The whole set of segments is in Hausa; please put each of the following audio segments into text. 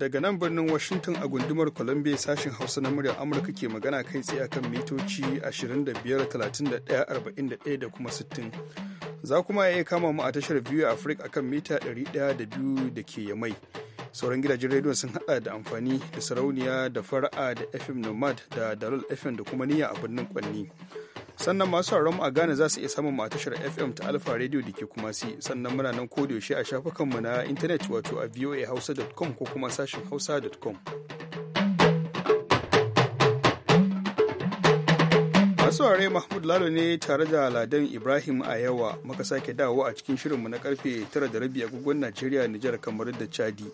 daga nan birnin Washington a gundumar Columbia sashen Hausa na muryar Amurka ke magana kai tsaye akan mitoci 25, 31, 41 da kuma 60. Za kuma iya kama mu a tashar biyu Africa akan mita 102 da ke yamai. mai. sauran gidajen rediyon sun hada da amfani da sarauniya da fara'a da fm nomad da dalol fm da kuma niyya a birnin kwanni sannan masu mu a Ghana za su iya samun mu tashar FM ta Alfa Radio da ke kuma si sannan muna nan ko yaushe a shafukanmu na intanet wato a voahausa.com ko kuma sashin hausa.com masu ware Mahmud Lalo ne tare da Ladan Ibrahim a yawa muka sake dawo a cikin shirinmu na karfe tara da rabi agogon Najeriya Nijar kamar da Chadi.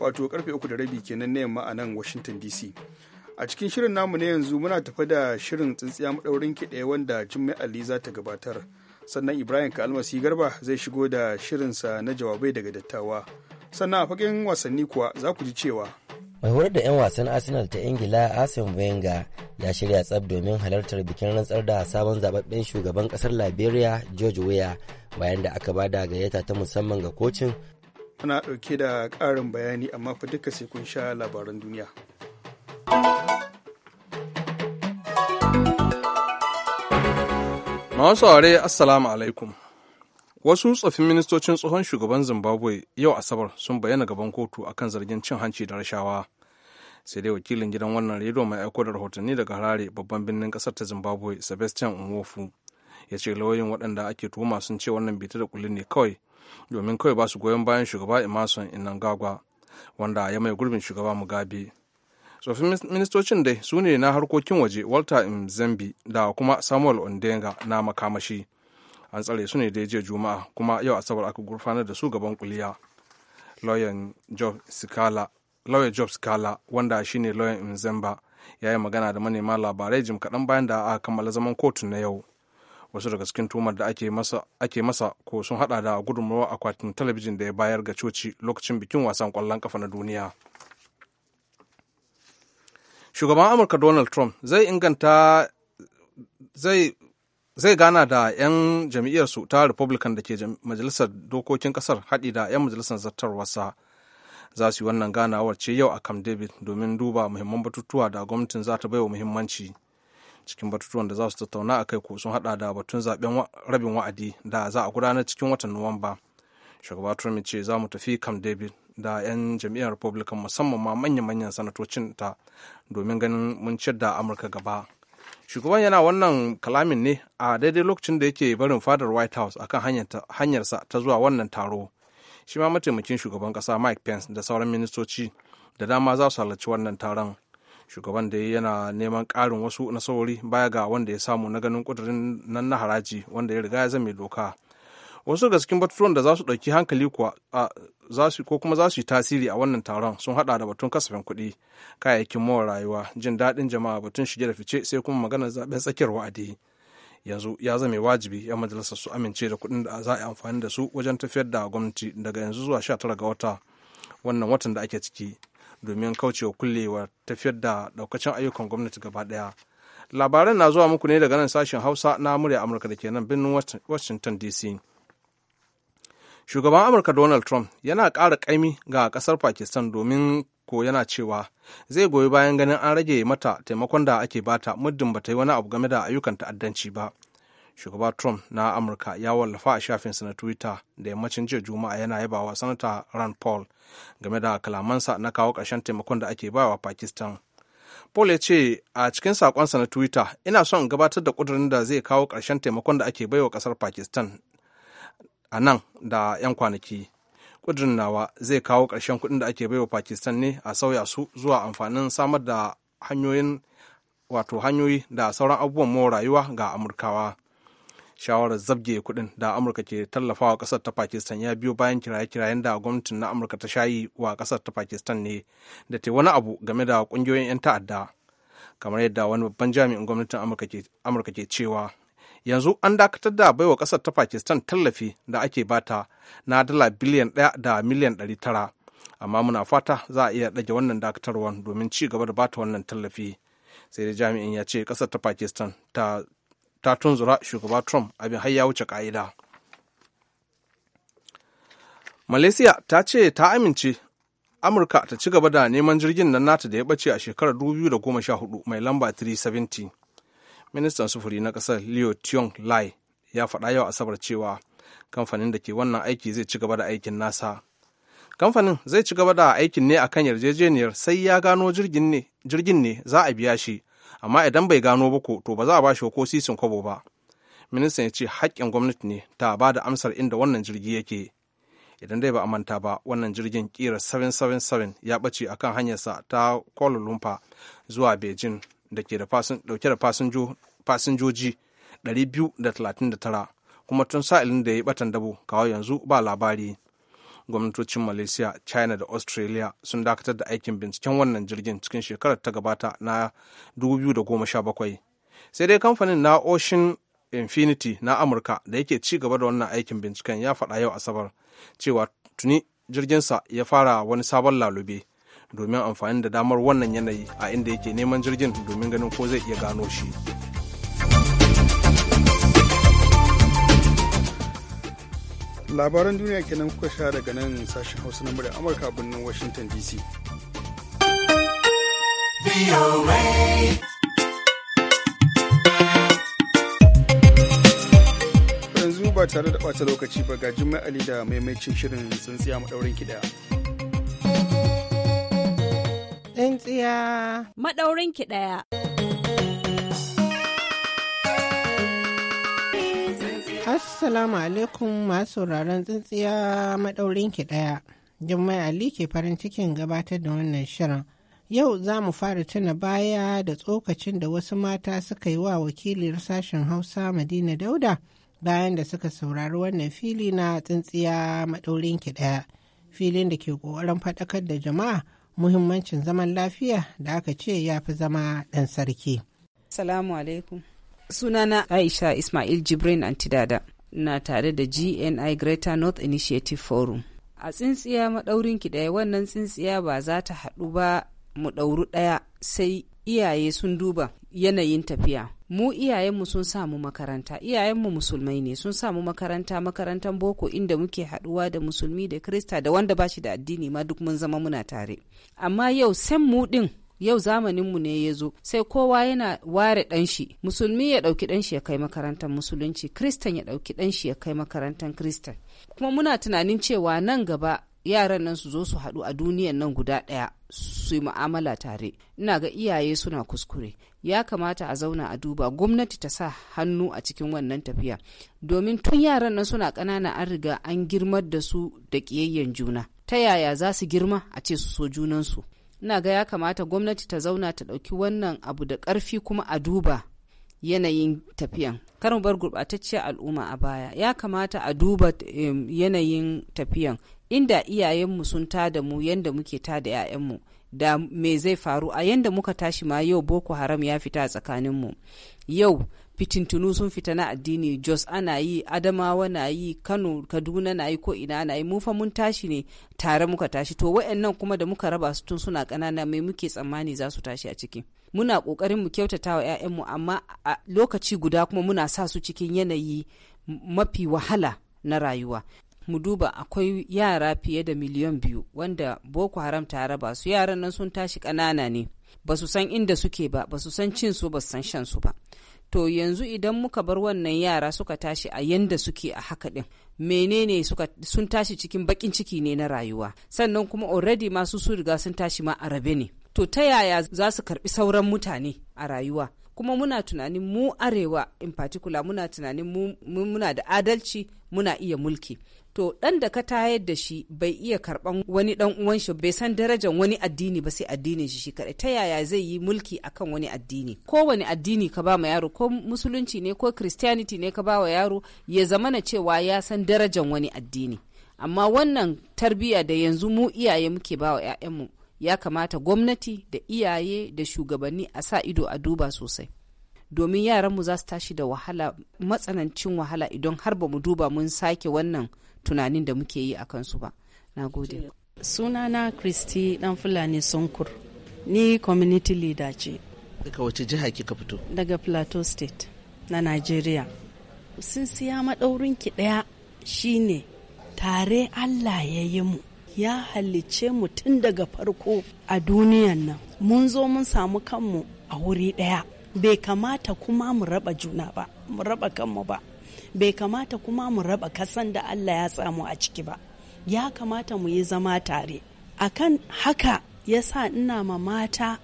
wato karfe uku da rabi kenan na yamma a nan washington dc a cikin shirin namu na yanzu muna tafa da shirin tsintsiya maɗaurin kiɗe wanda jimmai ali za ta gabatar sannan ibrahim kalmasi garba zai shigo da shirinsa na jawabai daga dattawa sannan a fagen wasanni kuwa za ku ji cewa mai horar da 'yan wasan arsenal ta ingila arsene wenger ya shirya tsab domin halartar bikin rantsar da sabon zababben shugaban kasar liberia george weah bayan da aka ba da gayyata ta musamman ga kocin ana ɗauke da ƙarin bayani amma fa duka sai kun sha labaran duniya. Masu aure Assalamu alaikum. Wasu tsofin ministocin tsohon shugaban Zimbabwe yau Asabar sun bayyana gaban kotu akan zargin cin hanci da rashawa. Sai dai wakilin gidan wannan rediyo mai aiko da rahotanni daga harare babban birnin kasar ta Zimbabwe Sebastian Unwofu ya ce lauyoyin waɗanda ake tuhuma sun ce wannan bita da kullun ne kawai domin kawai ba su goyon bayan shugaba emerson inangagwa wanda ya mai gurbin shugaba mugabe tsofin ministocin dai su ne na harkokin waje walter mzambi da kuma samuel ondenga na makamashi an tsare su ne da jiya juma'a kuma yau asabar aka gurfanar da su gaban kuliya lauyan job scala wanda shine lauyan mzamba ya yi magana da manema labarai jim kaɗan bayan da aka kammala zaman kotu na yau wasu daga cikin tumar da ake masa ko sun hada da gudunmawar akwatin talabijin da ya bayar ga coci lokacin bikin wasan kwallon kafa na duniya shugaban amurka donald trump zai inganta zai zai gana da 'yan jam'iyyarsu ta republican da ke majalisar dokokin kasar haɗi da 'yan majalisar zartarwarsa za su yi wannan ganawar ce yau a camp david domin duba muhimman batutuwa da gwamnatin za ta baiwa muhimmanci cikin batutuwan da za su tattauna a kai ko sun hada da batun zaben rabin wa'adi da za a gudanar cikin watan nuwamba shugaba trump ce za mu tafi kam david da 'yan jam'iyyar republican musamman ma manya-manyan sanatocin ta domin ganin mun ciyar da amurka gaba shugaban yana wannan kalamin ne a daidai lokacin da yake barin fadar white house akan hanyarsa ta zuwa wannan taro shi ma mataimakin shugaban kasa mike pence da sauran ministoci da dama za su halarci wannan taron shugaban da yana neman ƙarin wasu nasarori baya ga wanda ya samu na ganin ƙudurin nan na haraji wanda ya riga ya zame doka wasu daga cikin batutuwan da za su ɗauki hankali kuwa za su ko kuma za su yi tasiri a wannan taron sun hada da batun kasafin kuɗi kayayyakin mawa rayuwa jin daɗin jama'a batun shige da fice sai kuma magana zaben tsakiyar wa'adi yanzu ya zame wajibi 'yan majalisar su amince da kuɗin da za a yi amfani da su wajen tafiyar da gwamnati daga yanzu zuwa sha tara ga wata wannan watan da ake ciki domin kaucewa kullewar tafiyar da daukacin ayyukan gwamnati gaba daya labaran na zuwa muku ne daga nan sashen hausa na murya amurka da ke nan birnin washington dc shugaban amurka donald trump yana kara ƙaimi ga ƙasar pakistan domin ko yana cewa zai goyi bayan ganin an rage mata taimakon da ake bata muddin bata yi wani abu game da ayyukan ta'addanci ba shugaba trump na amurka ya wallafa a shafinsa na twitter da yammacin jiya juma'a yana yabawa sanata rand paul game da kalamansa na kawo ƙarshen taimakon da ake bawa pakistan paul ya ce a cikin sakonsa na twitter ina son gabatar da ƙudurin da zai kawo ƙarshen taimakon da ake baiwa ƙasar pakistan a nan da 'yan kwanaki ƙudurin nawa zai kawo ƙarshen kuɗin da ake baiwa pakistan ne a sauya su zuwa amfanin samar da hanyoyin wato hanyoyi da sauran abubuwan more rayuwa ga amurkawa shawarar zabge kuɗin da amurka ke tallafawa kasar ta pakistan ya biyo bayan kiraye-kirayen da gwamnatin na amurka ta shayi wa kasar ta pakistan ne da ta wani abu game da ƙungiyoyin 'yan ta'adda kamar yadda wani babban jami'in gwamnatin amurka ke cewa yanzu an dakatar da baiwa kasar ta pakistan tallafi da ake bata na dala biliyan ɗaya da miliyan ɗari tara amma muna fata za a iya ɗage wannan dakatarwar domin ci gaba da bata wannan tallafi sai da jami'in ya ce kasar ta pakistan ta ta tunzura shugaba trump abin har ya wuce ka'ida malaysia ta ce ta amince amurka ta ci gaba da neman jirgin nan nata da ya bace a shekarar 2014 mai lamba 370 ministan sufuri na kasar leo tiong lai ya faɗa yau asabar cewa kamfanin da ke wannan aiki zai ci gaba da aikin nasa kamfanin zai ci gaba da aikin ne akan yarjejeniyar sai ya gano jirgin ne za a biya shi amma idan bai gano ba ko to ba za a ba shi ko sisin kwabo ba ministan ya ce haƙƙin gwamnati ne ta ba da amsar inda wannan jirgi yake idan dai ba a manta ba wannan jirgin kira 777 ya bace a kan hanyarsa ta kuala lumpur zuwa beijing da ke dauke da fasinjoji 239 kuma tun sa'ilin da ya yi batan dabo kawo yanzu ba labari gwamnatocin malaysia china da australia sun dakatar da aikin binciken wannan jirgin cikin shekarar ta gabata na 2017 sai dai kamfanin na ocean infinity na amurka da yake ci gaba da wannan aikin binciken ya faɗa yau asabar cewa tuni jirginsa ya fara wani sabon lalube domin amfani da damar wannan yanayi a inda yake neman jirgin domin ganin ko zai iya gano shi. labaran duniya kenan kuka sha daga nan sashen hausa na murya amurka birnin washington dc yanzu ba tare da ɓata lokaci ba ga jimai ali da maimacin shirin tsintsiya maɗaurin kiɗa tsintsiya maɗaurin kiɗaya Assalamu alaikum masu sauraron tsintsiya maɗaurin ki ɗaya. Jummai Ali ke farin cikin gabatar da wannan shirin. Yau za mu fara tuna baya da tsokacin da wasu mata suka yi wa wakiliyar sashen Hausa Madina Dauda bayan da suka saurari wannan fili na tsintsiya maɗaurin ki ɗaya. Filin da ke ƙoƙarin faɗakar da jama'a muhimmancin zaman lafiya da aka ce ya fi zama ɗan sarki. Salamu alaikum. Sunana Aisha Ismail Jibrin Antidada na tare da GNI Greater North Initiative Forum. A tsintsiya maɗaurin ki ɗaya wannan tsintsiya ba za ta haɗu ba mu ɗauru ɗaya sai iyaye sun duba yanayin tafiya. Mu iyayenmu sun samu makaranta, iyayenmu musulmai ne sun samu makaranta makarantar boko inda muke haɗuwa da musulmi da krista da wanda ba shi da addini ma duk mun zama muna tare. Amma yau san mu ɗin yau zamaninmu ne ya zo sai kowa yana ware ɗanshi musulmi ya ɗauki ɗanshi ya kai makarantar musulunci kristan ya ɗauki ɗanshi ya kai makarantar kristan kuma muna tunanin cewa nan gaba yaran nan su zo su haɗu a duniyan nan guda ɗaya su yi mu'amala tare ina ga iyaye suna kuskure ya kamata a zauna a duba gwamnati ta sa hannu a cikin wannan tafiya domin tun yaran nan suna ƙanana an riga an girmar da su da ƙiyayyen juna ta yaya za su girma a ce su so junansu ina ga ya kamata gwamnati ta zauna ta ɗauki wannan abu da karfi kuma a duba yanayin tafiyan kar mu bar gurɓatacciyar al'umma a baya ya kamata a duba yanayin tafiyan inda iyayenmu sun tada mu yadda muke tada 'ya'yanmu da me zai faru a yanda muka tashi ma yau boko haram ya fita a tsakaninmu yau fitintunu sun fita na addini jos ana yi adamawa na yi kano kaduna na yi ko ina na yi mufa mun tashi ne tare muka tashi to wayannan kuma da muka raba su tun suna ƙanana mai muke tsammani za su tashi a ciki muna ƙoƙarin mu kyautata wa 'ya'yanmu amma a lokaci guda kuma muna sa su cikin yanayi mafi wahala na rayuwa mu duba akwai yara fiye da miliyan biyu wanda boko haram tare raba su yaran nan sun tashi ƙanana ne ba su san inda suke ba ba su san cin su ba su san shan su ba to yanzu idan muka bar wannan yara suka tashi a yanda suke a haka din menene suka sun tashi cikin bakin ciki ne na rayuwa sannan kuma already masu su riga sun tashi ma a rabe ne to ta yaya za su karbi sauran mutane a rayuwa kuma muna tunanin mu arewa in particular muna tunanin mu muna da adalci muna iya mulki to ɗan da ka tayar da shi bai iya karɓan wani ɗan uwan shi bai san darajar wani addini ba sai addinin shi shi kaɗai ta yaya zai yi mulki akan wani addini ko kowane addini ka ba ma yaro ko musulunci ne ko christianity ne ka ba wa yaro ya zama na cewa ya san darajar wani addini amma wannan tarbiyya da yanzu mu iyaye muke ba wa 'ya'yanmu ya kamata gwamnati da iyaye da shugabanni a sa ido a duba sosai domin yaranmu za su tashi da wahala matsanancin wahala idan har ba mu duba mun sake wannan tunanin da muke yi a kansu ba na gode sunana kristi dan fulani sunkur ni community leader ce daga wace jiha kika fito daga plateau state na nigeria sun sinsiya ki ɗaya shine tare allah ya yi mu ya halicce mu tun daga farko a duniyan nan mun zo mun samu kanmu a wuri ɗaya bai kamata kuma mu raba juna ba mu raba kanmu ba bai kamata kuma mu raba kasan da Allah ya samu a ciki ba ya kamata mu yi zama tare akan haka ya sa ina ma mata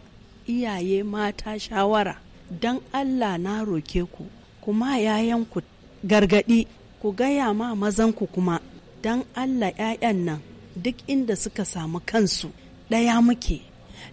iyaye mata shawara don Allah na roke ku kuma yayanku gargadi ku gaya ma mazanku kuma don Allah 'ya'yan nan duk inda suka samu kansu ɗaya muke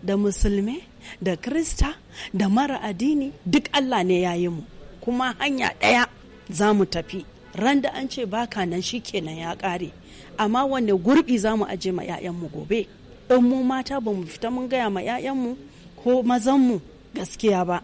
da musulmi da krista da mara addini duk Allah ne ya yi mu kuma hanya ɗaya za mu tafi ran da an ce baka nan shi kenan ya ƙare amma wanne gurbi za mu aje ma 'ya'yanmu gobe in mu mata ba mu fita mun gaya ma 'ya'yanmu ko mazanmu gaskiya ba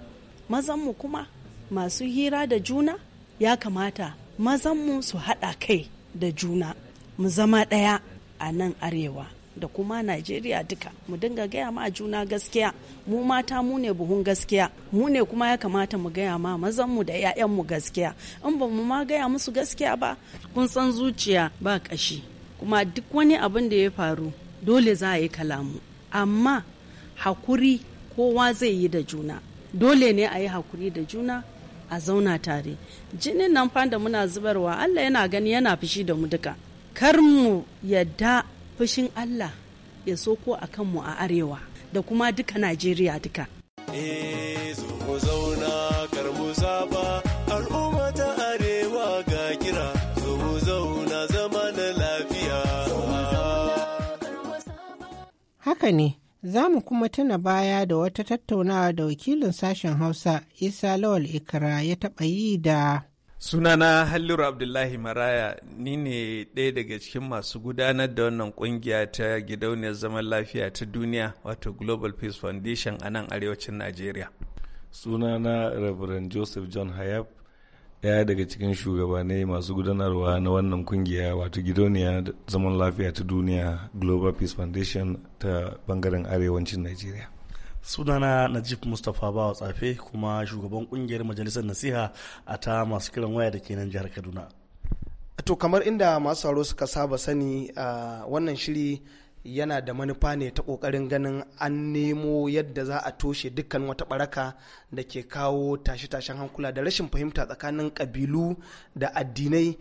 mazanmu kuma masu hira da juna ya kamata mazanmu su haɗa kai da juna mu zama ɗaya a nan arewa da kuma Najeriya duka mu dinga gaya ma juna gaskiya mu mata mu ne buhun gaskiya mu ne kuma ya kamata mu gaya ma mazan mu da 'ya'yan mu gaskiya in ba mu ma gaya musu gaskiya ba kun san zuciya ba kashi kuma duk wani abin da ya faru dole za a yi kalamu amma hakuri kowa zai yi da juna dole ne a yi hakuri da juna a zauna tare jinin nan fa da muna zubarwa Allah yana gani yana fushi da mu duka kar mu yadda fushin Allah ya soko a kanmu a arewa da kuma duka Najeriya duka. Eh zauna ta arewa ga kira zauna zama na lafiya. Haka ne, za mu kuma tuna baya da wata tattaunawa da wakilin sashen Hausa Isa Lawal Ikra ya taɓa yi da Sunana Halliru Abdullahi Maraya ni ne ɗaya daga cikin masu gudanar da wannan ƙungiya ta gidauniyar zaman lafiya ta duniya wato Global Peace Foundation a nan arewacin Najeriya. Sunana Reverend Joseph John Hayab ɗaya daga cikin shugabanai masu gudanarwa na wannan kungiya wato gidauniyar zaman lafiya ta duniya Global Peace Foundation ta bangaren arewacin nigeria. sunana najib mustapha bawa tsafe kuma shugaban kungiyar majalisar nasiha a ta masu kiran waya da kenan jihar kaduna to kamar inda masu sauro suka saba sani a wannan shiri yana da manufa ne ta kokarin ganin an nemo yadda za a toshe dukkan wata baraka da ke kawo tashe-tashen hankula da rashin fahimta tsakanin kabilu da addinai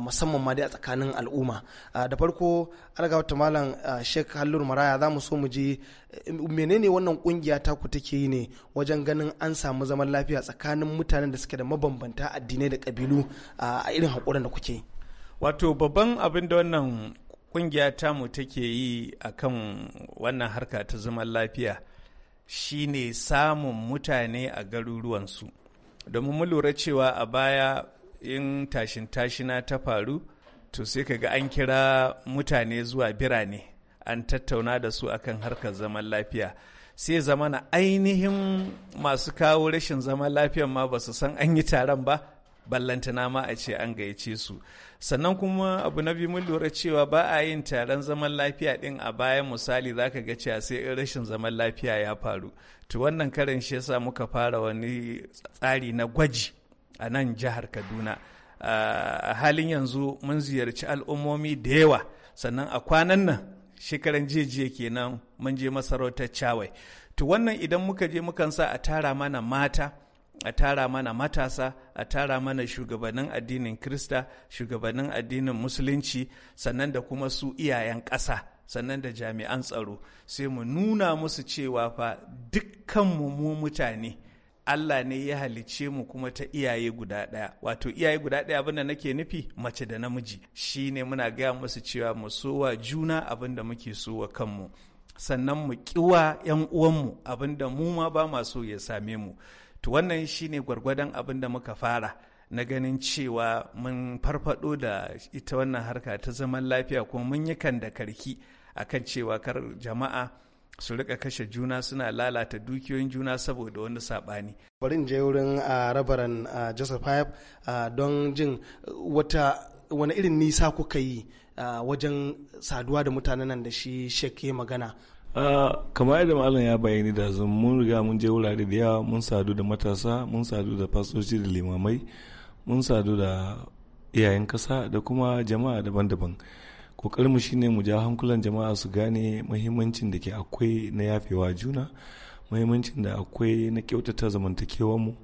musamman ma dai a tsakanin al'umma da farko algawata malam sheikh hallur maraya za mu so mu je eh, menene wannan kungiya ta ku take yi ne wajen ganin an samu zaman lafiya tsakanin mutanen da suke da mabambanta addinai da kabilu a irin haƙurin da kuke wato babban abin da wannan kungiya mu take yi a kan wannan harka ta zaman lafiya shine samun mutane a garuruwansu domin mu lura cewa a baya in tashin tashina ta faru to sai kaga an kira mutane zuwa birane an tattauna da su akan harkar zaman lafiya sai zamana ainihin masu kawo rashin zaman lafiyan ma ba su san an yi taron ba ballantana ma a ce an gayyace su sannan kuma abu na biyu mun lura cewa ba a yin taron zaman lafiya din a bayan misali zaka ga cewa sai in rashin zaman lafiya ya faru to wannan karin shi yasa muka fara wani tsari na gwaji a nan jihar kaduna a halin yanzu mun ziyarci al'ummomi da yawa sannan a kwanan nan shekaran jejiye kenan mun je masarautar cawai to wannan idan muka je mukan sa a tara mana mata a tara mana matasa a tara mana shugabannin addinin krista shugabannin addinin musulunci sannan da kuma su iyayen ƙasa sannan da jami'an tsaro sai mu nuna musu cewa fa dukkanmu mu mutane Allah ne ya halicce mu kuma ta iyaye guda ɗaya wato iyaye guda ɗaya abinda nake nufi mace da namiji shine muna gaya musu cewa mu sowa juna abinda muke sowa kanmu sannan mu kiwa 'yan uwanmu abinda mu ma ba so ya same mu to wannan shi ne gwargwadon abin da muka fara na ganin cewa mun farfado da ita wannan harka ta zaman lafiya kuma mun yi kan da karki kan cewa kar jama'a su rika kashe juna suna lalata dukiyoyin juna saboda wani sabani. Bari in je wurin a rabaran Joseph Hayab don jin wata wani irin nisa kuka yi wajen saduwa da mutanen nan da shi shek magana kamar yadda malam ya bayani da zan mun riga mun je wurare da yawa mun sadu da matasa mun sadu da fasoci da limamai mun sadu da iyayen kasa da kuma jama'a daban-daban mu shine mu ja hankulan jama'a su gane muhimmancin da ke akwai na yafewa juna muhimmancin da akwai na kyautata zamantakewarmu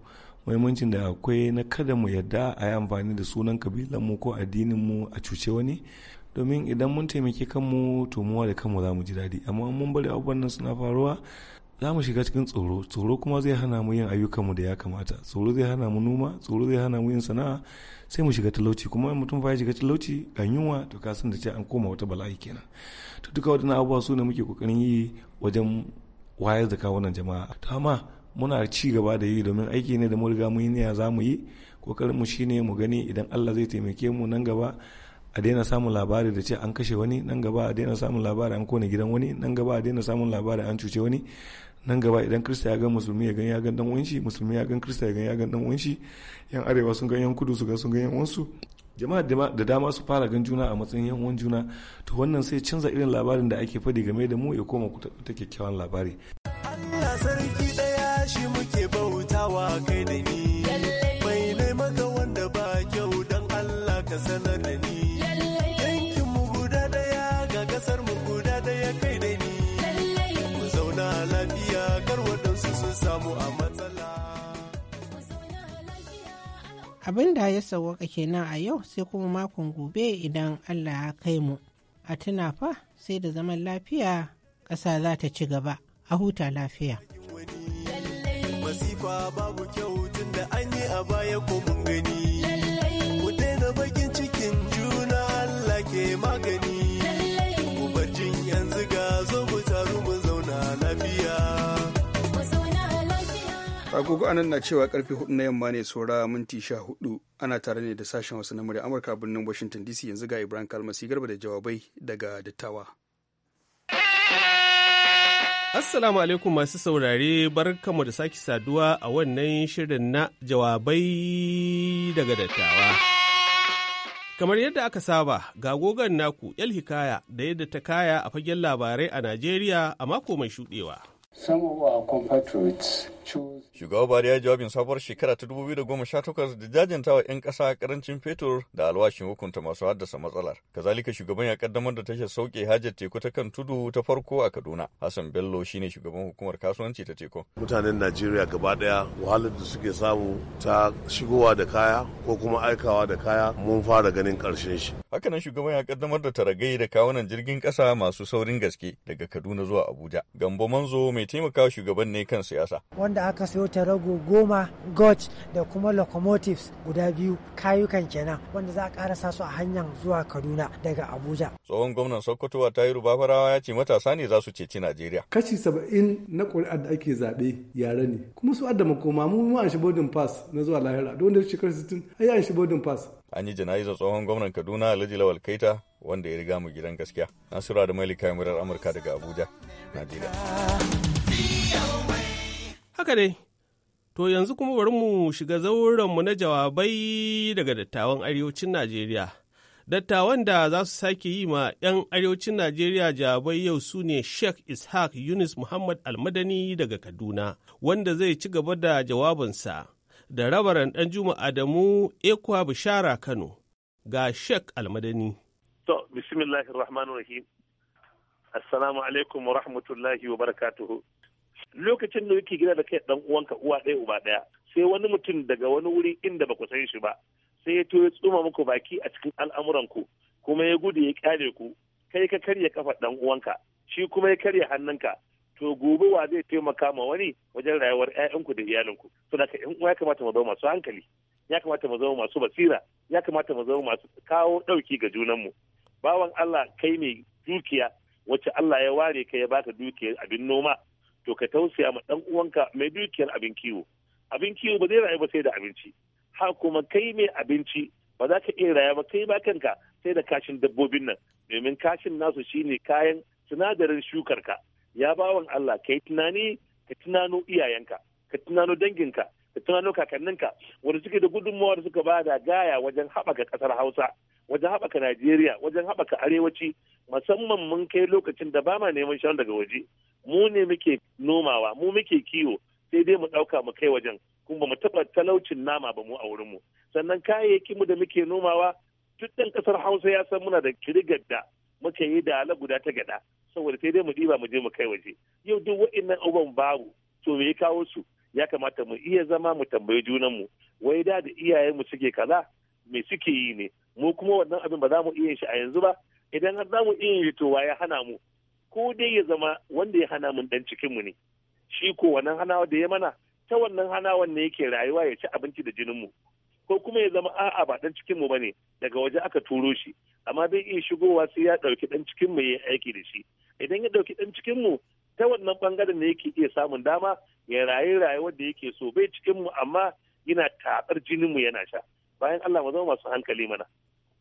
muhimmancin da akwai na kada mu yadda a yi amfani da sunan kabilanmu ko addininmu a cuce wani domin idan mun taimaki kanmu to muwa da kanmu za mu ji daɗi amma mun bari abubuwan nan suna faruwa za mu shiga cikin tsoro tsoro kuma zai hana mu yin ayyukanmu da ya kamata tsoro zai hana mu noma tsoro zai hana mu yin sana'a sai mu shiga talauci kuma in mutum fa ya shiga talauci ga yunwa to ka san da ce an koma wata bala'i kenan to duka waɗannan abubuwa su ne muke kokarin yi wajen wayar da kawunan jama'a to amma muna ci gaba da yi domin aiki ne da mu riga mu yi niyya za mu yi kokarin mu shine mu gani idan Allah zai taimake mu nan gaba a daina samun labari da ce an kashe wani nan gaba a daina samun labari an kone gidan wani nan gaba a daina samun labari an cuce wani nan gaba idan krista ya ga musulmi ya gan ya gan dan uwanshi musulmi ya gan krista ya gan ya gan dan uwanshi yan arewa sun gan yan kudu su ga sun gan yan uwansu jama'a da dama su fara gan juna a matsayin yan uwan juna to wannan sai canza irin labarin da ake faɗi game da mu ya koma ta kyakkyawan labari Allah sarki daya shi muke bautawa kai da ni abin da ya sauwaka kenan a yau sai kuma makon gobe idan allah ya kai mu a tuna fa sai da zaman lafiya ƙasa za ta ci gaba a huta lafiya masifa babu kyau tun da an yi a baya ko mun gani ku daina bakin cikin juna allah ke magani agogo anan na cewa karfe hudu na yamma ne saura minti sha hudu ana tare ne da sashen wasu na murya amurka a birnin washington dc yanzu ga ibrahim kalmasi garba da jawabai daga dattawa assalamu alaikum masu saurare barkamu da sake saduwa a wannan shirin na jawabai daga dattawa kamar yadda aka saba ga gogon naku yal hikaya da yadda ta kaya a fagen labarai a najeriya a mako mai shudewa Shugaba Buhari ya jawabin sabuwar shekara ta 2018 da jajantawa 'yan ƙasa karancin fetur da alwashin hukunta masu haddasa matsalar. Kazalika shugaban ya kaddamar da tashar sauke hajar teku ta kan tudu ta farko a Kaduna. Hassan Bello shine shugaban hukumar kasuwanci ta teku. Mutanen Najeriya gaba ɗaya wahalar da suke samu ta shigowa da kaya ko kuma aikawa da kaya mun fara ganin ƙarshen shi. Hakanan shugaban ya kaddamar da taragai da kawunan jirgin ƙasa masu saurin gaske daga Kaduna zuwa Abuja. Gambo Manzo mai taimaka wa shugaban ne kan siyasa. Wanda aka sayo ta rago goma goch da kuma locomotives guda biyu kayukan kenan wanda za a karasa su a hanyar zuwa Kaduna daga Abuja. Tsohon gwamnan Sokoto Tayiru Bafarawa ya ce matasa ne za su ceci Najeriya. Kashi saba'in na ƙuri'ar da ake zaɓe yare ne kuma su adda makoma mu mu an boarding pass na zuwa lahira don da shekaru 60 ai an shi boarding pass. An yi jana'izar tsohon gwamnan Kaduna Alhaji Lawal Kaita wanda ya riga mu gidan gaskiya. Nasura da Malika murar Amurka daga Abuja, Najeriya. Haka dai, to yanzu kuma bari mu shiga zauranmu na jawabai daga dattawan arewacin Najeriya. Dattawan da za su sake yi ma 'yan arewacin Najeriya jawabai yau su ne Sheikh Ishaq Yunus Muhammad Almadani daga Kaduna, wanda zai ci gaba da jawabinsa, da rabaran ɗan Juma Adamu Ekwa Bishara Kano ga Sheikh Almadani. To, bismillahirrahmanirrahim. Assalamu alaikum wa rahmatullahi wa barakatuhu. lokacin da yake gida da kai dan uwanka uwa ɗaya uba ɗaya sai wani mutum daga wani wuri inda baku san shi ba sai ya to ya tsuma muku baki a cikin al'amuran ku kuma ya gudu ya kyale ku kai ka karya kafa dan uwanka shi kuma ya karya hannunka to gobe wa zai taimaka ma wani wajen rayuwar 'ya'yanku da iyalinku to da in uwa ya kamata mu zama masu hankali ya kamata mu zama masu basira ya kamata mu zama masu kawo ɗauki ga junanmu bawan Allah kai mai dukiya wacce Allah ya ware ka ya baka dukiyar abin noma to ka tausaya ma dan uwanka mai dukiyar abin kiwo abin kiwo ba zai rayu ba sai da abinci ha kuma kai mai abinci ba za ka iya rayuwa ba kai ba kanka sai da kashin dabbobin nan domin kashin nasu shine kayan sinadarin shukar ka ya bawan Allah kai tunani ka tunano iyayenka ka tunano danginka ka tunano kakanninka wanda suke da gudunmawa da suka bada gaya wajen haɓaka ƙasar Hausa wajen haɓaka Najeriya wajen haɓaka arewaci musamman mun kai lokacin da ba ma neman shanu daga waje mu ne muke nomawa mu muke kiwo sai dai mu ɗauka mu kai wajen kuma ba mu taɓa talaucin nama ba mu a wurin mu sannan kayayyakin mu da muke nomawa duk ɗan ƙasar hausa ya san muna da kirigar da muka yi da ala guda ta gada saboda sai dai mu ɗiba mu je mu kai waje yau duk wa'innan abubuwan babu to me ya kawo su ya kamata mu iya zama mu tambayi junanmu wai da da iyayenmu suke kaza me suke yi ne mu kuma wannan abin ba za mu iya shi a yanzu ba idan har za mu iya yi to ya hana mu ko dai ya zama wanda ya hana mun dan cikin mu ne shi ko wannan hanawa da ya mana ta wannan hanawan ne yake rayuwa ya ci abinci da jinin mu ko kuma ya zama a'a ba dan cikin mu bane daga waje aka turo shi amma bai iya shigowa sai ya dauki dan cikin mu yayi aiki da shi idan ya dauki dan cikin mu ta wannan bangaren ne yake iya samun dama ya rayu rayuwar da yake so bai cikin mu amma yana tabar jinin mu yana sha bayan Allah mu zama masu hankali mana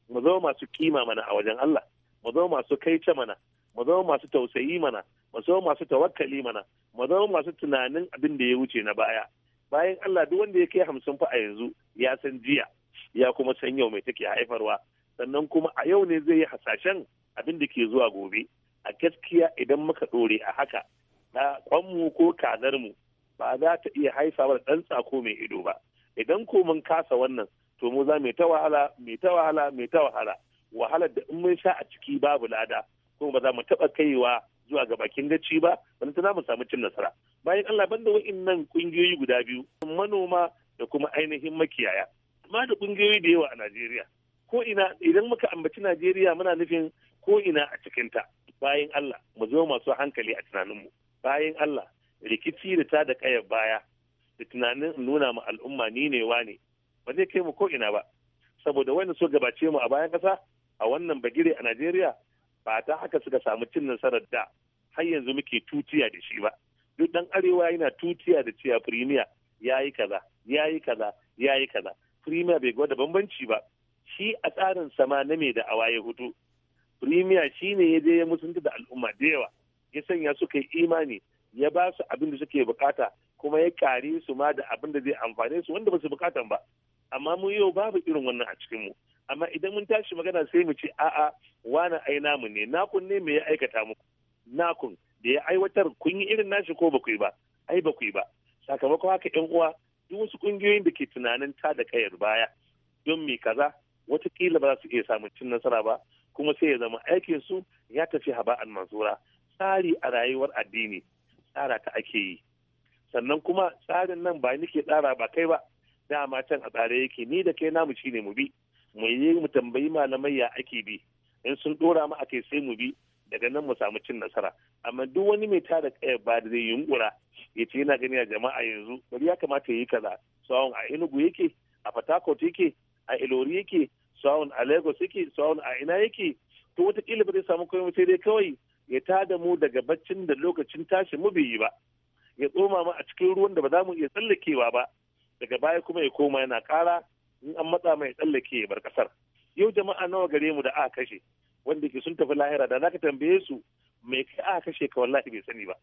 mu zama masu kima mana a wajen Allah mu zama masu kaice mana mu zama masu tausayi mana mu zama masu tawakkali mana mu zama masu tunanin abin da ya wuce na baya bayan Allah duk wanda ya kai hamsin fa a yanzu ya san jiya ya kuma san yau mai take haifarwa sannan kuma a yau ne zai yi hasashen abin da ke zuwa gobe a gaskiya idan muka dore a haka na kwanmu ko mu ba za ta iya haifa da ɗan tsako mai ido ba idan ko mun kasa wannan to mu za mai ta wahala mai ta wahala mai ta wahala wahalar da in mun sha a ciki babu lada kuma ba za mu taɓa kaiwa zuwa ga bakin gaci ba wani ta mu samu cin nasara bayan Allah banda nan kungiyoyi guda biyu manoma da kuma ainihin makiyaya amma da ƙungiyoyi da yawa a Najeriya ko ina idan muka ambaci Najeriya muna nufin ko ina a cikinta bayan Allah mu zo masu hankali a tunaninmu bayan Allah rikici da ta da ƙayar baya da tunanin nuna ma al'umma ni ne wa ne ba zai kai mu ko ina ba saboda wani so gabace mu a bayan ƙasa a wannan bagire a Najeriya ba ta haka suka samu cin nasarar da har yanzu muke tutiya da shi ba duk ɗan arewa yana tutiya da cewa firimiya ya yi kaza ya yi kaza ya yi kaza firimiya bai gwada bambanci ba shi a tsarin sama na mai da awaye hudu hutu firimiya shi ne ya je ya musunta da al'umma da yawa ya sanya suka yi imani ya ba su abin da suke bukata kuma ya kare su ma da abin da zai amfane su wanda ba su bukatan ba amma mu yau babu irin wannan a cikin mu amma idan mun tashi magana sai mu ce a'a wani ai namu ne nakun ne me ya aikata muku nakun da ya aiwatar kun yi irin nashi ko ba yi ba ai ba yi ba sakamakon haka yan uwa duk wasu kungiyoyin da ke tunanin ta da kayar baya don me kaza watakila ba za su iya samun cin nasara ba kuma sai ya zama aikin su ya tafi haba'an mansura tsari a rayuwar addini tsara ta ake yi sannan kuma tsarin nan ba nike tsara ba kai ba dama can a tsare yake ni da kai namu ne mu bi mu yi mu tambayi malamai ya ake bi in sun dora mu ake sai mu bi daga nan mu samu cin nasara amma duk wani mai tada kaya ba da zai yunkura ya ce yana gani a jama'a yanzu bari ya kamata ya yi kaza sawun a enugu yake a fatakot yake a ilori yake sawun a lagos yake sawun a ina yake to wataƙila ba zai samu komai sai dai kawai ya tada mu daga baccin da lokacin tashi mu bai yi ba ya tsoma mu a cikin ruwan da ba za mu iya tsallakewa ba daga baya kuma ya koma yana kara. in an matsa mai tsallake bar kasar yau jama'a nawa gare mu da aka kashe wanda ke sun tafi lahira da zaka tambaye su me kai aka kashe ka wallahi bai sani ba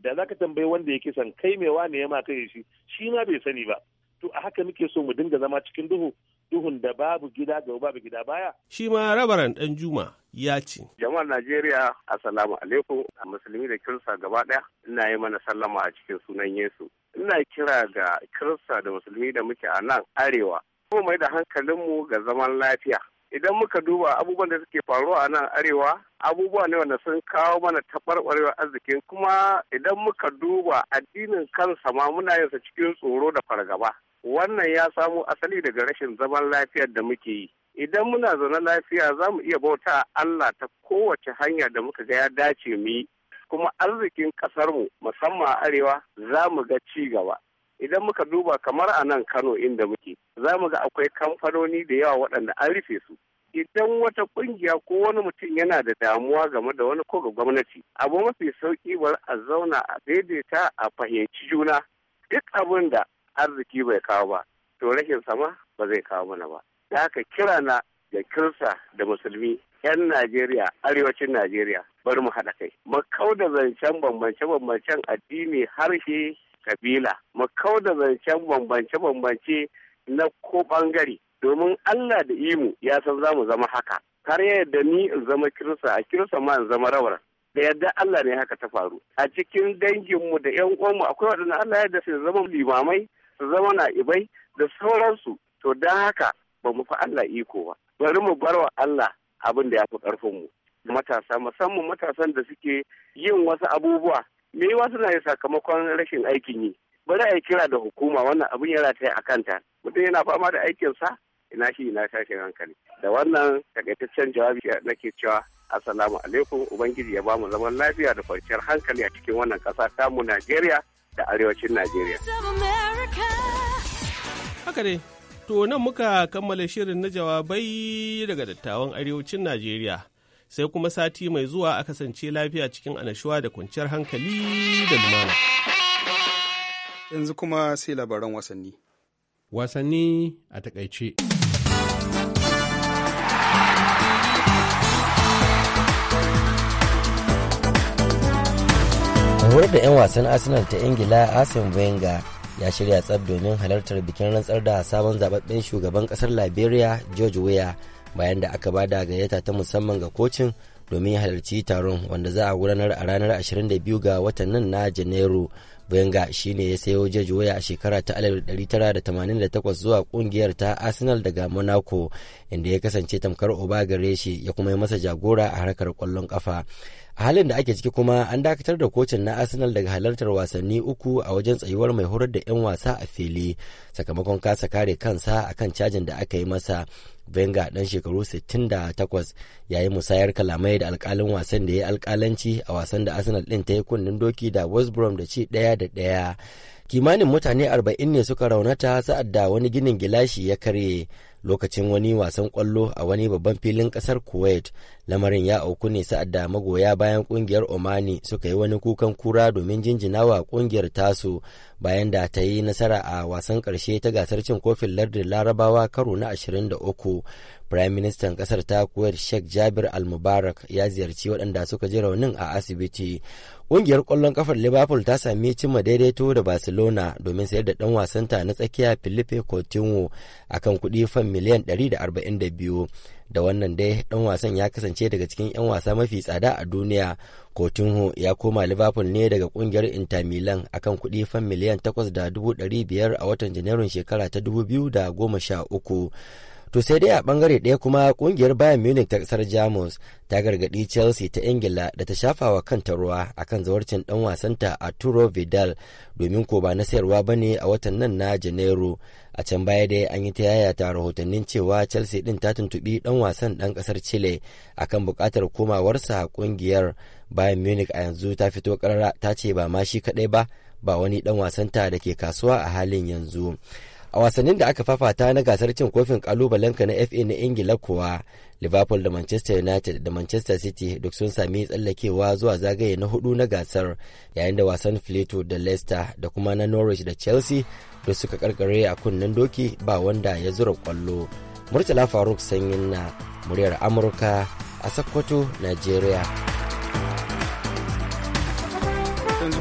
da zaka tambaye wanda yake san kai me wane ya ma kai shi shi ma bai sani ba to a haka muke so mu dinga zama cikin duhu duhun da babu gida ga babu gida baya. Shi ma rabaran dan Juma ya ce. Jama'ar Najeriya, Assalamu alaikum, musulmi da kirsa gaba daya ina yi mana sallama a cikin sunan Yesu. Ina kira ga kirsa da musulmi da muke a nan arewa Kuma mai da hankalinmu ga zaman lafiya idan muka duba abubuwan da suke faruwa a nan arewa abubuwa ne wanda sun kawo mana taɓarɓarewar arzikin kuma idan muka duba addinin kansa ma muna yin sa cikin tsoro da fargaba wannan ya samo asali daga rashin zaman lafiyar da muke yi idan muna zaune lafiya za mu iya bauta Allah ta kowace hanya da muka ga ya dace mu yi kuma arzikin ƙasarmu musamman arewa za mu ga ci gaba idan muka duba kamar a nan kano inda muke za mu ga akwai kamfanoni da yawa waɗanda an rufe su idan wata ƙungiya ko wani mutum yana da damuwa game da wani ko ga gwamnati abu mafi sauƙi bar a zauna a daidaita a fahimci juna duk abin da arziki bai kawo ba to rashin sama ba zai kawo mana ba da haka kira na da kirsa da musulmi 'yan Najeriya, arewacin Najeriya, bari mu haɗa kai. Mu kau da zancen bambance-bambancen addini harshe kabila mu kau da zancen bambance-bambance na ko bangare domin Allah da imu ya san za mu zama haka har ya ni in zama kirista a kirista ma in zama rawar da yadda Allah ne haka ta faru a cikin danginmu da yan uwanmu akwai waɗanda Allah ya da su zama limamai su zama na'ibai da sauransu to don haka ba mu fi Allah iko ba bari mu bar wa Allah abin da ya fi ƙarfinmu matasa musamman matasan da suke yin wasu abubuwa me suna yin sakamakon rashin aikin yi bari a yi kira da hukuma wannan abin yana ta a kanta mutum yana fama da aikinsa ina shi ina tashin hankali da wannan takaitaccen jawabi nake cewa assalamu alaikum ubangiji ya bamu zaman lafiya da kwanciyar hankali a cikin wannan kasa tamu najeriya da arewacin najeriya haka dai to nan muka kammala shirin na jawabai daga dattawan arewacin najeriya sai kuma sati mai zuwa a kasance lafiya cikin anashuwa da kwanciyar hankali da lumana. Yanzu kuma sai labaran wasanni. Wasanni a takaice. horar da 'yan wasan arsenal ta ingila arsene wenger ya shirya tsab domin halartar bikin rantsar da sabon zababben shugaban kasar liberia george weah bayan da aka bada da gayyata ta musamman ga kocin domin ya halarci taron wanda za a gudanar a ranar 22 ga watan nan na janairu Wenger ne ya sayo jeji waya a shekara ta 1988 zuwa kungiyar ta Arsenal daga Monaco inda ya kasance tamkar oba gare shi ya kuma yi masa jagora a harkar kwallon kafa. a halin da ake ciki kuma an dakatar da kocin na arsenal daga halartar wasanni uku a wajen tsayuwar mai horar da 'yan wasa a fili sakamakon kasa kare kansa akan cajin da aka yi masa venga dan shekaru 68 yayi musayar kalamai da alkalin wasan da ya yi alkalanci a wasan da arsenal din ta yi kunnen doki da west brom da ci daya da daya kimanin mutane 40 ne suka raunata sa'ad da wani ginin gilashi ya karye lokacin wani wasan kwallo a wani babban filin kasar kuwait lamarin ya auku ne sa'ad da magoya bayan kungiyar omani suka yi wani kukan kura domin jinjina wa kungiyar tasu bayan da ta yi nasara a wasan karshe ta gasar cin kofin lardin larabawa karo na 23 prime ministan kasar ta kuwait sheikh jabir al-mubarak ya ziyarci waɗanda suka ji raunin a asibiti ƙungiyar ƙwallon ƙafar liverpool ta sami cimma daidaito da barcelona domin sayar da ɗan wasanta na tsakiya filipe coutinho akan kuɗi fan miliyan 142 da wannan dai dan wasan ya kasance daga cikin 'yan wasa mafi tsada a duniya Coutinho ya koma Liverpool ne daga kungiyar Inter Milan akan kuɗi fan miliyan 8,500 a watan Janairun shekara ta 2013. to sai dai a bangare ɗaya kuma kungiyar bayan munich ta kasar jamus ta gargaɗi chelsea ta ingila da ta shafa wa kanta ruwa a kan zawarcin ɗan wasanta arturo vidal domin ko ba na sayarwa ba ne a watan nan na janairu a can baya dai an yi ta yayata rahotannin cewa chelsea din ta tuntubi dan wasan dan kasar chile akan bukatar komawarsa kungiyar bayan munich a yanzu ta fito karara ta ce ba ma shi kadai ba ba wani dan wasanta da ke kasuwa a halin yanzu a wasannin da aka fafata na gasar cin kofin ka na fa na ingila kuwa liverpool da manchester united da manchester city duk sun sami tsallakewa zuwa zagaye na hudu na gasar yayin da wasan fleetwood da leicester da kuma na norwich da chelsea da suka karkare a kunnen doki ba wanda ya zura kwallo murtala faruk sanyin na muryar amurka a Sokoto, nigeria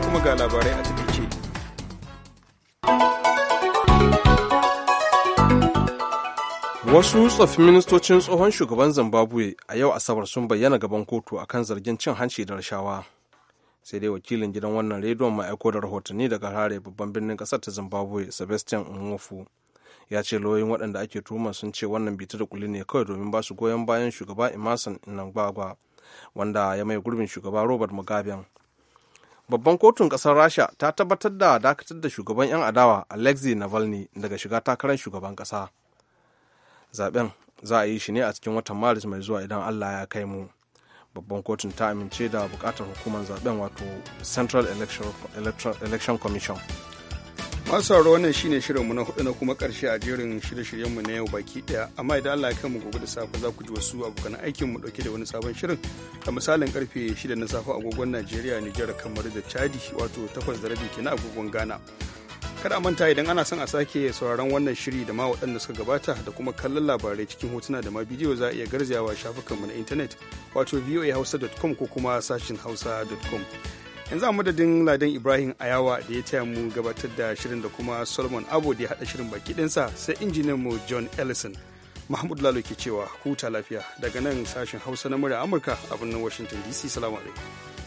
kuma ga labarai a cikin Wasu tsoffin ministocin tsohon shugaban Zimbabwe a yau Asabar sun bayyana gaban kotu a kan zargin cin hanci da rashawa. Sai dai wakilin gidan wannan rediyon ma aiko da rahotanni daga harare babban birnin kasar ta Zimbabwe, Sebastian Nwofu. Ya ce lauyoyin waɗanda ake tuhuma sun ce wannan bita da kuli ne kawai domin ba su goyon bayan shugaba Emerson Mnangagwa, wanda ya mai gurbin shugaba Robert Mugabe. babban kotun ƙasar rasha ta tabbatar da dakatar da shugaban 'yan adawa alexei navalny daga shiga takarar shugaban ƙasa. zaben za a yi shi ne a cikin watan maris mai zuwa idan allah ya kai mu babban kotun ta amince da bukatar hukumar zaben wato central election commission masu sauraro wannan shine shirinmu na hudu na kuma karshe a jerin shirye-shiryenmu na yau baki daya amma idan Allah ya mu gobe da safe za ku ji wasu abokan aikin mu dauke da wani sabon shirin a misalin karfe 6 na safe agogon Najeriya niger kamar da Chadi wato 8 da rabi kenan agogon Ghana kada manta idan ana son a sake sauraron wannan shiri da ma waɗanda suka gabata da kuma kallon labarai cikin hotuna da ma bidiyo za a iya garzawa shafukanmu na intanet wato voahausa.com ko kuma sashin hausa.com yanzu a madadin ladan ibrahim ayawa da ya taya mu gabatar da shirin da kuma solomon abu da ya haɗa shirin baki ɗinsa sai injiniyan mu john ellison mahmud lalo ke cewa huta lafiya daga nan sashin hausa na murya amurka a birnin washington dc salamu alaikum